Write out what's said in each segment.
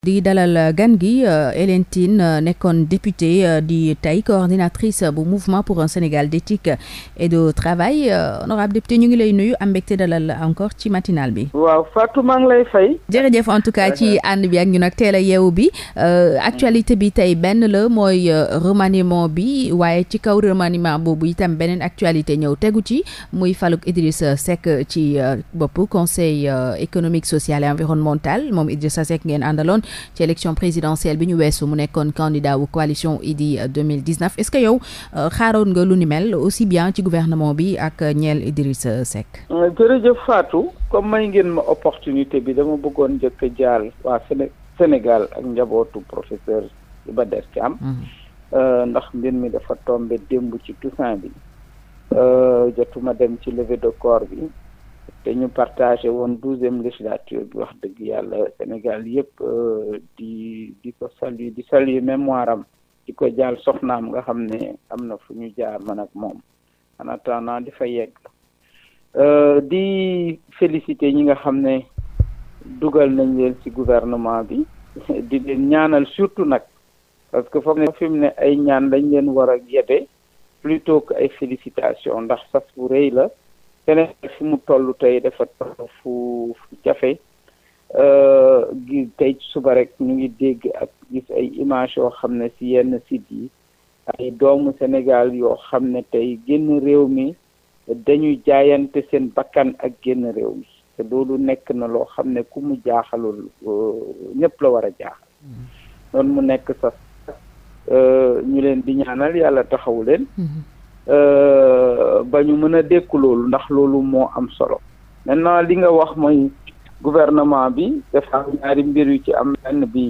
di dalal gan gi euh, Hélène Tine euh, nekkoon députée euh, di tey coordinatrice bu mouvement pour un Sénégal d'éthique et de travail honorable député ñu ngi lay nuyu am mbégte dalal encore ci matinal bi. waaw Fatou maa ngi lay fay. jërëjëf en tout cas ci ànd bi ak ñun ak teel a yeewu bi actualité bi tey benn la mooy remaniement bi waaye ci kaw remaniement boobu itam beneen actualité ñëw tegu ci muy faluk Idrissa Seck ci bopp conseil économique social et environnemental moom Idrissa Seck ngeen àndaloon. ci élection présidentielle bi ñu weesu mu nekkoon candidat wu coalition Idy 2019 est-ce que yow euh, xaaroon nga lu ni mel aussi bien ci gouvernement bi ak ñeel Idrissa Seck. Euh, jërëjëf faatu comme may ngeen ma opportunité bi dama bëggoon njëkk a jaal waa Sénégal ak njabootu professeur ba Der Thiam. Mhm. Euh, ndax mbir mi dafa tombé démb ci Toussaint bi. jotuma dem ci levée de corps bi. te ñu partagé woon douzième législature bi wax dëgg yàlla Sénégal yëpp euh, di di ko saluer di saluer mémoire am di ko jaal soxnaam nga xam ne am na fu ñu jaar man ak moom en attendant di fa yegg euh, di féliciter ñi nga xam ne dugal nañ leen ci gouvernement bi di leen ñaanal surtout nag parce que foog ne fi mu ne ay ñaan lañ leen war a yebe plutôt que ay félicitations ndax sas bu rëy la Sénégal fi mu toll tey dafa toll fu jafe euh, gi tey suba rek ñu ngi dégg ak gis ay image yoo xam ne ci yenn site yi ay doomu senegal yoo xam ne tey génn réew mi dañuy jaayante seen bakkan ak génn réew mi te loolu nekk na loo xam ne ku mu jaaxalul euh, ñëpp la war a jaaxal mm-hmm. noonu mu nekk sax euh, ñu leen di ñaanal yàlla taxawu leen mm-hmm. Euh, ba ñu mën a dékku loolu ndax loolu moo am solo maintenant li nga wax mooy gouvernement bi dafa am ñaari mbir yu ci am benn bi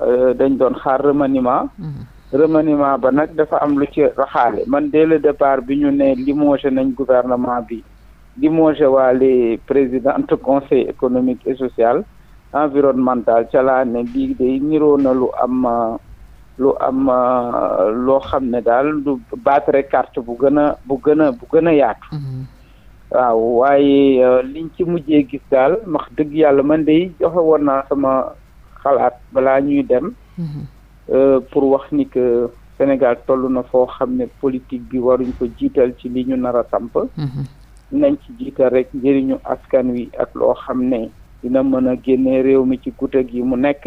euh, dañ doon xaar remaniement mm-hmm. remaniement ba nag dafa am lu ci raxaale man dès le départ bi ñu ne limogé nañ gouvernement bi limogé waale présidente conseil économique et social environnemental ca laa ne bii day niroo na lu am euh, lu am euh, loo xam ne daal du battre carte bu gën a bu gën a bu gën a yaatu. Mhm. waaw waaye euh, liñ ci mujjee gis daal wax dëgg yàlla man de joxe woon naa sama xalaat balaa ñuy dem. Mhm. Euh, pour wax ni Sénégal toll na foo xam ne politique bi waruñ ko jiital ci li ñu nar a samp. Mhm. nañ ci jiital rek njëriñu askan wi ak loo xam ne dina mën a génne réew mi ci gudde gi mu nekk.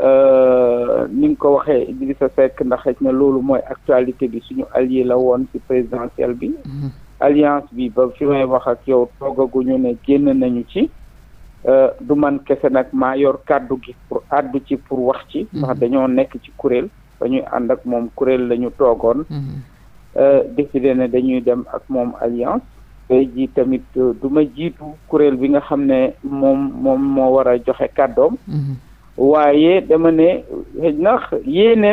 Euh, ni nga ko waxee Idrissa Seck ndax xëy na loolu mooy actualité bi suñu allié la woon ci présidentielle bi. Mhm. alliance bi ba fi may wax ak yow toogaguñu ne génn nañu ci. Euh, du man kese nag maa yor kàddu gi pour àddu ci pour wax ci. Mhm. ndax dañoo nekk ci kuréel. dañuy ànd ak moom kuréel lañu ñu toogoon. Mhm. Euh, décidé ne dañuy dem ak moom alliance. tey jii tamit du ma jiitu kuréel bi nga xam ne moom moom moo war a joxe kàddoom. waaye dama ne xëj na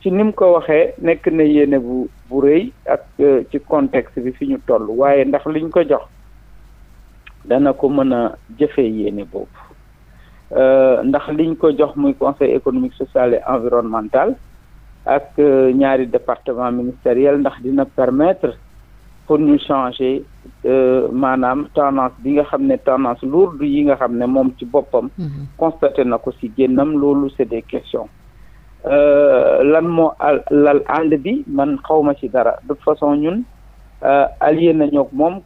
ci nim ko waxee nekk na yéene bu rëy ak euh, ci contexte bi fi ñu toll waaye ndax liñ ko jox dana ko mën a jëfee yéene boobu euh, ndax liñ ko jox muy conseil économique social et environnemental ak euh, ñaari département ministériel ndax dina permettre pour ñu changer euh, maanaam tendance bi nga xam ne tendance lourde yi nga xam ne moom ci boppam. Mhm. constaté na ko ci génnam loolu c'est des questions. Euh, lan moo lal ànd bi man ma ci dara de façon ñun euh, allié nañu moom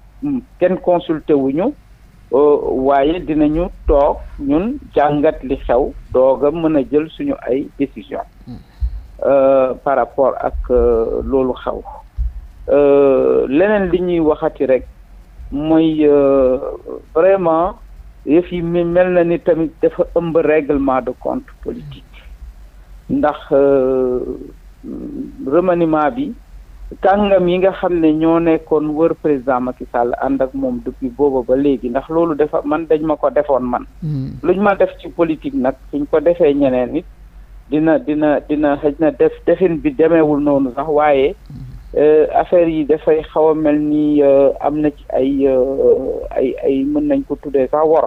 kenn consulté wuñu waaye dinañu toog ñun jàngat li xew doog a mën a jël suñu ay décision mhm. par rapport ak loolu xew Euh, leneen li ñuy waxati rek mooy euh, vraiment yëf yi mel na ni tamit dafa ëmb réglement de compte politique ndax euh, remaniment bi kàngam yi nga xam ne ñoo nekkoon wër président Macky sàll ànd ak moom depuis booba ba léegi ndax loolu dafa man dañ ma ko defoon man hmm. luñ ma def ci politique nag suñ ko defee ñeneen nit dina dina dina xëj na def defin bi demeewul noonu sax waaye hmm. Euh, affaire yi dafay xaw a mel ni euh, am na ci ay euh, ay ay mën nañ ko tuddee sax wor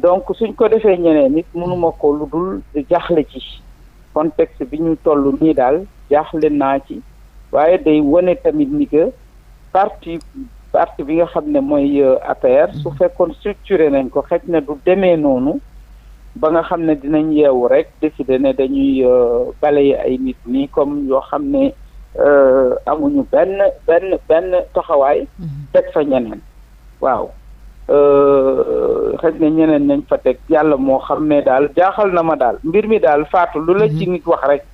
donc suñ ko defee ñeneen nit mënuma ko lu dul jaaxle ci contexte bi ñu toll nii daal jaaxle naa ci waaye day wane tamit ni que parti parti bi nga xam ne mooy APR su fekkoon structuré nañ ko xëj na du demee noonu ba nga xam ne dinañ yeewu rek décider ne dañuy balayer ay nit nii comme yoo xam ne Euh, amuñu benn benn benn taxawaay mhm. teg fa ñeneen waaw euh, xëy na ñeneen nañ fa teg yàlla moo xam ne daal jaaxal na ma daal mbir mi daal faatu lu la mhm. ci nit wax rek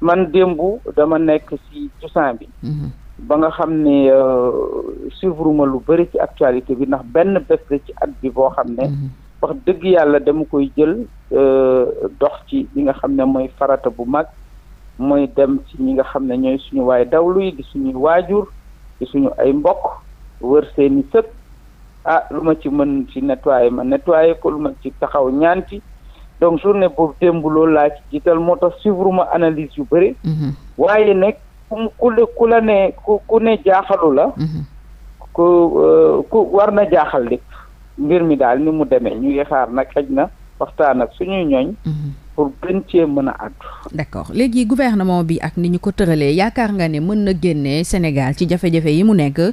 man démb dama nekk ci Toussaint bi mhm. ba nga xam ne euh, suivre ma lu bëri ci actualité bi ndax benn bés ci at bi boo xam ne wax dëgg yàlla dama koy jël dox ci li nga xam ne mooy farata bu mag mooy dem ci ñi nga xam ne ñooy suñu waay dawlu yi di suñuy waajur di suñu ay mbokk wër seeni sëg ah lu ma ci mën ci nettoyer ma nettoyer ko lu ma ci taxaw ñaanti donc journée boobu démb loolu laa ci jiital moo tax suivre ma analyse yu bëri mm-hmm. waaye nag ku ku la ne ku ku ne jaaxalu la mm-hmm. ku euh, ku war na jaaxal lépp mbir mi daal ni mu demee ñu ngi nag xëj na waxtaan ak suñuy ñooñ mm-hmm. pour gën cee mën a àddu. d'accord léegi gouvernement bi ak ni ñu ko tëralee yaakaar nga ne mën na génne Sénégal ci jafe-jafe yi mu nekk euh,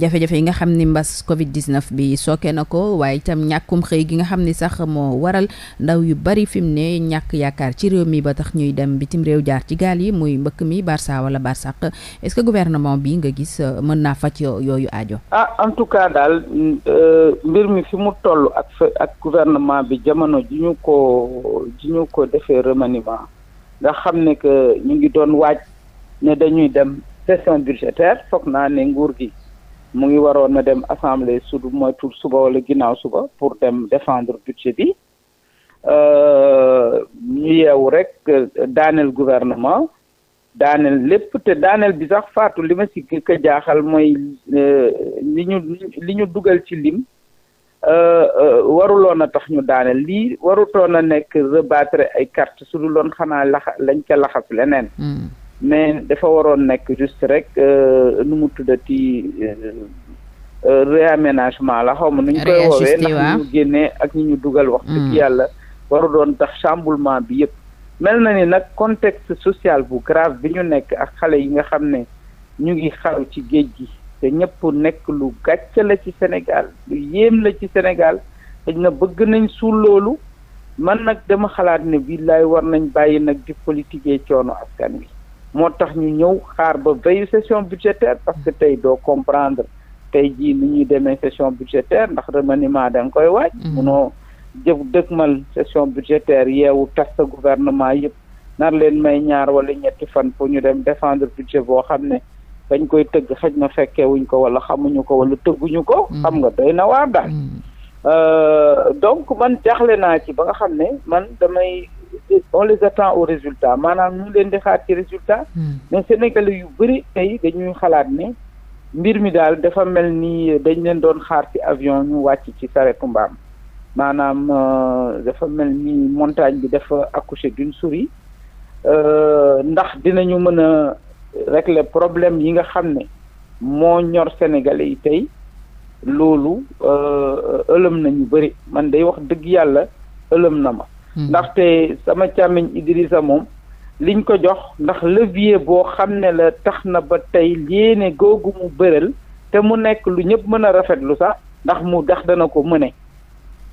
jafe-jafe yi nga xam ni mbas Covid 19 bi sooke na ko waaye itam ñàkkum xëy gi nga xam ni sax moo waral ndaw yu bari fi mu ne ñàkk yaakaar ci réew mi ba tax ñuy dem bitim réew jaar ci gaal yi muy mbëkk mi Barça wala Barsaq est-ce que gouvernement bi nga gis euh, mën naa faj yooyu ajo ah en tout cas daal euh, mbir mi fi mu toll ak ak bi jamono ji ñu ko ko defee remaniement nga xam ne que ñu ngi doon waaj ne dañuy dem session budgétaire foog naa ne nguur gi mu ngi waroon a dem assemblée su moytul suba wala ginnaaw suba pour dem défendre budget bi euh, ñu yeewu rek daaneel gouvernement daaneel lépp te daaneel bi sax faatu li ma si gëkk a jaaxal mooy euh, li ñu li ñu dugal ci lim Euh, euh, waruloon a tax ñu daane lii warutoon a nekk rebattre ay carte su du loon xanaa lax lañ ca laxas leneen hmm. mais dafa waroon nekk juste rek euh, nu mu tuddati réaménagement la xaw ma nu ñu koy woowee ndax ñu génnee ak ñu ñu dugal wax dëgg hmm. yàlla waru tax chamboulement bi yëpp mel na ni nag contexte sociale bu grave bi ñu nekk ak xale yi nga xam ne ñu ngi xaru ci géej gi te ñëpp nekk lu gàcce la ci Sénégal lu yéem la ci Sénégal xëy na bëgg nañ suul loolu man nag dama xalaat ne lay war nañ bàyyi nag di politiquer coono askan wi moo tax ñu ñëw xaar ba veyu session budgétaire parce que tey doo comprendre tey jii ni ñuy demee session budgétaire ndax remaniement da nga koy waaj mm-hmm. munoo jëf dëkkmal session budgétaire yeewu tas sa gouvernement yëpp nar leen may ñaar wala ñetti fan pour ñu dem défendre budget boo xam ne dañ koy tëgg xëj na fekkeewuñ ko wala xamuñu ko wala tëgguñu ko. Mm. xam nga doy na waar daal. Mm. Euh, donc man jaaxle naa ci ba nga xam ne man damay on les attend au résultat maanaam ñu leen di xaar ci résultat. Mm. mais Sénégalais yu bëri tey dañuy xalaat ne. mbir mi daal dafa mel ni dañ leen doon xaar ci avion ñu wàcc ci saretu mbaam maanaam euh, dafa mel ni montagne bi dafa accouché d'une souris euh, ndax dinañu mën a régler problème yi nga xam ne moo ñor sénégalais yi tey loolu euh, ëlëm na ñu bëri man day wax dëgg yàlla ëlëm na ma. Hmm. ndaxte sama càmmiñ Idrissa moom liñ ko jox ndax levier boo xam ne la tax na ba tey yéene googu mu bëral te mu nekk lu ñëpp mën a rafetlu sax ndax mu dax dana ko mëne.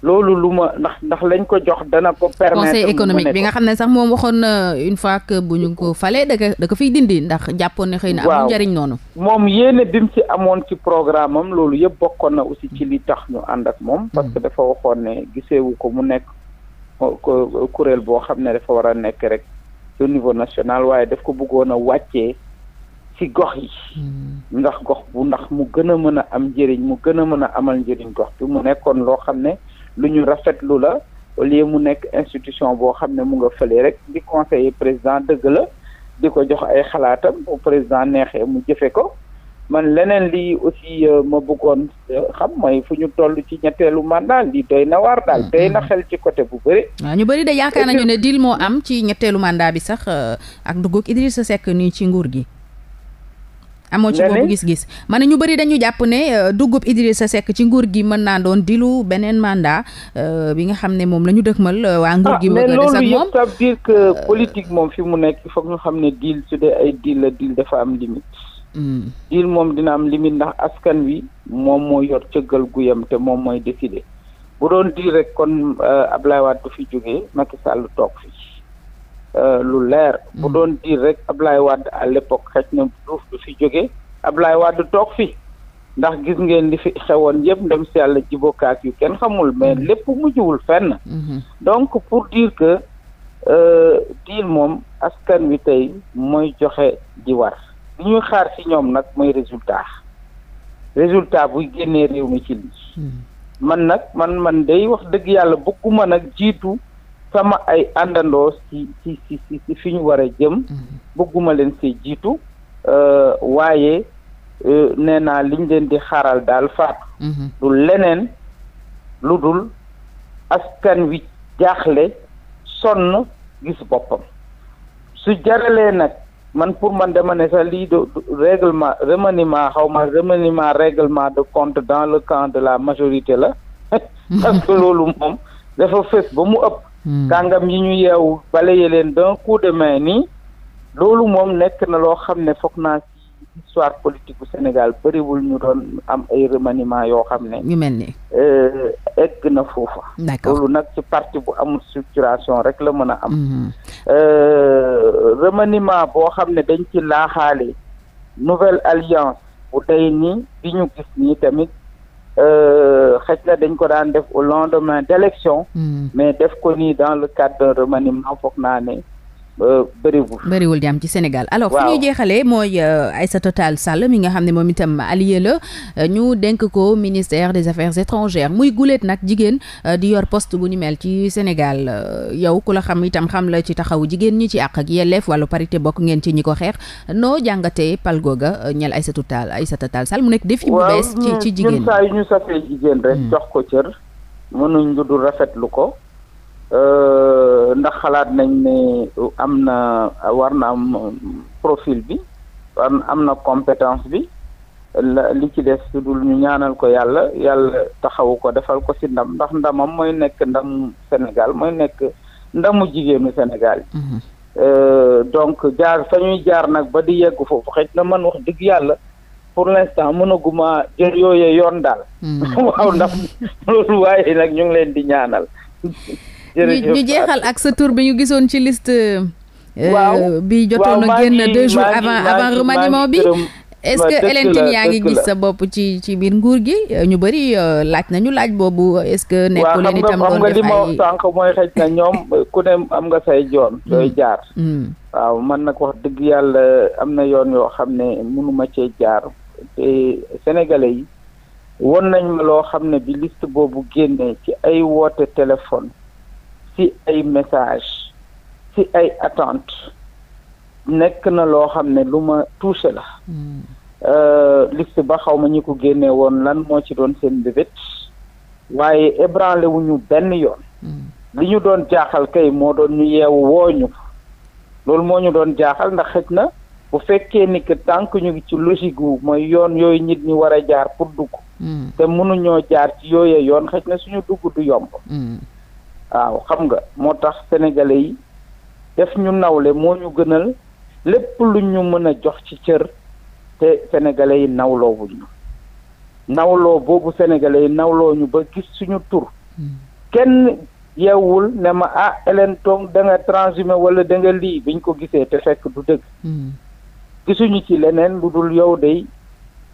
loolu lu ma ndax ndax lañ ko jox dana ko permettre conseil économique bi nga xam ne sax moom waxoon na une que bu ñu ko falee da ko da fiy dindi ndax jàppoon ne xëy na amul njariñ noonu moom yéene bi mu ci amoon ci programme am loolu yëpp bokkoon na aussi ci li tax ñu ànd ak moom parce que hmm. dafa waxoon ne giseewu ko mu nekk kuréel boo xam ne dafa war a nekk rek au national waaye daf ko buggoon a wàcce ci gox yi hmm. ndax gox bu ndax mu gën a mën a am njëriñ mu gën a mën a amal njëriñ gox mu nekkoon loo xam ne lu ñu rafetlu la au lieu mu nekk institution boo xam ne mu nga fële rek di conseil président dëgg la di ko jox ay xalaatam président neexee mu jëfe ko man leneen li aussi euh, ma bëggoon euh, xam mooy fu ñu toll ci ñetteelu mandat lii doy na waar daal mm-hmm. doy na xel ci côté bu bëri. waaw ñu bëri de yaakaar nañu ne deal moo am ci ñetteelu màndaa bi sax euh, ak dugg sa sekk nii ci nguur gi. amoo ci boobu gis-gis ma ne ñu bëri dañu jàpp ne euh, duggub sa Seck ci nguur gi mën naa doon dilu beneen mandat euh, bi nga xam ne moom la ñu dëkkmal euh, waa nguur ah, gi bëgg a des ak moom politique moom fi mu nekk il faut xam ne deal su dee ay deal la deal dafa am limite hmm. deal moom dina am limite ndax askan wi moom moo yor cëggal guyam te moom mooy décider bu doon deal rek kon Ablaye Wade du fi jógee Macky Sall toog fi Euh, lu leer. bu mm. doon diir rek Ablaye Wade à l'époque xëj na Diouf du fi jóge Ablaye Wade toog fi ndax gis ngeen li fi xewoon yëpp ndem si yàlla jibokaak yu kenn xamul mais mm. lépp mujjuwul fenn. Mm-hmm. donc pour diir que euh, diir moom askan wi tey mooy joxe di war li ñuy xaar ci ñoom nag mooy résultat résultat buy génnee réew mi ci lii. Mm. man nag man man day wax dëgg yàlla bëgguma nag jiitu. sama ay àndandoo ci ci ci ci fi ñu war a jëm mm-hmm. bëgguma leen see jiitu euh, waaye euh, nee naa liñ leen di xaaral daal faat mm-hmm. du leneen lu dul askan wi jaaxle sonn gis boppam su jaralee nag man pour man dama ne sax lii de règlement remaniement xaw ma remaniement de compte dans le camp de la majorité la loolu moom dafa fës ba mu ëpp Hmm. kàngam yi ñu yeewu balaye leen d'un coup de main nii loolu moom nekk na loo xam ne foog naa ci histoire politique bu Sénégal bëriwul ñu doon am ay remaniement yoo xam ne ñu mel ni euh, egg na foofa loolu nag ci parti bu amul structuration rek la mën a am hmm. euh, remaniement boo xam ne dañ ci laaxaale nouvelle alliance bu day nii bi ñu gis nii tamit Euh, xëj na dañ ko daan def au lendemain d' élection. Hmm. mais def ko nii dans le cadre d'un remaniement foog naa ne. bëriwul bëriwul di am ci Sénégal alors fu ñuy jeexalee mooy euh, Aïssata Tall Sall mi nga xam ne moom itam allié la euh, ñu denk ko ministère des affaires étrangères muy guléet nag jigéen euh, di yor poste bu ni mel ci Sénégal yow ku la xam itam xam la ci taxawu jigéen ñi ci àq ak yelleef wàllu parité bokk ngeen ci ñi ko xeex noo jàngatee pal googa ñel Aïssata Tall Aïssata Tall Sall mu nekk défi bu bees ci jigéen yu ñu safee jigéen rek hmm. jox ko cër mënuñ lu dul rafetlu ko ndax xalaat nañ ne am na war na am profil bi war am na compétence bi la ci des su dul ñu ñaanal ko yàlla yàlla taxawu ko defal ko ci ndam ndax ndamam mooy nekk ndam Sénégal mooy nekk ndamu jigéenu Sénégal mhm. euh, donc jaar fa ñuy jaar nag ba di yegg foofu xëj na man wax dëgg yàlla pour l'instant mënaguma jël yooyee yoon daal mhm. waaw ndax loolu waaye nag ñu ngi leen di ñaanal ñu jeexal ak sa tur bi ñu gisoon ci list euh, waaw bi jotoon a génn deux jours avant avant bi. est-ce yaa ngi gis sa bopp ci ci biir nguur gi ñu bëri euh, laaj nañu laaj boobu est-ce que nekku leen itam ñoom ku ne am nga say joon dooy mm. jaar mm. waaw man nag wax dëgg yàlla am na yoon yoo xam ne mënuma cee jaar te sénégalais yi won nañ ma loo xam ne bi liste boobu génnee ci ay woote téléphone ci ay message ci ay attente nekk na loo xam ne lu ma touché la hmm. euh, liste ba xaw ma ñi ko génnewoon lan moo ci doon seen bébét waaye ébranlé wu ñu benn yoon hmm. li ñu doon jaaxal kay moo doon ñu yeewu wooñu loolu moo ñu doon jaaxal ndax xëj na bu fekkee ni que tànk ñu ngi ci logique wu mooy yoon yooyu nit ñi war a jaar pour dugg hmm. te mënuñoo jaar ci yooye yoon xëj na suñu dugg du yomb waaw xam nga moo tax sénégalais yi def ñu nawle moo ñu gënal lépp lu ñu mën a jox ci cër te sénégalais yi nawloo wuñ ñu nawloo boobu sénégalais yi nawloo ñu ba gis suñu tur hmm. kenn yeewul ne ma ah Hélène Tong da nga transhumé wala da nga biñ ko gisee te fekk du dëgg hmm. gisuñu ci leneen lu dul yow day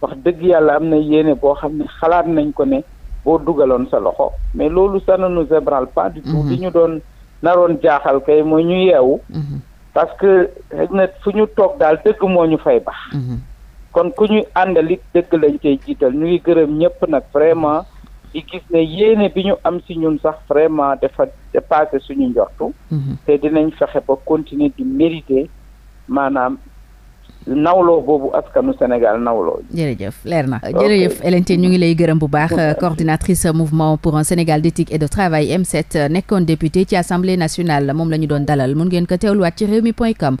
wax dëgg yàlla am na yéene boo xam ne xalaat nañ ko ne boo dugaloon sa loxo mais loolu ça ne nous ébranle du tout mhm. li ñu doon naroon jaaxal kay mooy ñu yeewu mhm. parce que xëy fu ñu toog daal dëgg moo ñu fay bax mhm. kon ku ñuy àndal it dëgg lañ cay jiital ñu ngi gërëm ñëpp nag vraiment di gis ne yéene bi ñu am si ñun sax vraiment dafa dépassé suñu njortu te dinañ fexe ba continuer di mériter maanaam nawloo boobu askanu Sénégal nawloo. jërëjëf leer na jërëjëf Hélène Tine ñu ngi lay gërëm bu baax coordinatrice mouvement pour un Sénégal d'éthique et de travail M7 nekkoon député ci assemblée nationale moom la ñu doon dalal mun ngeen ko teewluwaat ci réew point com.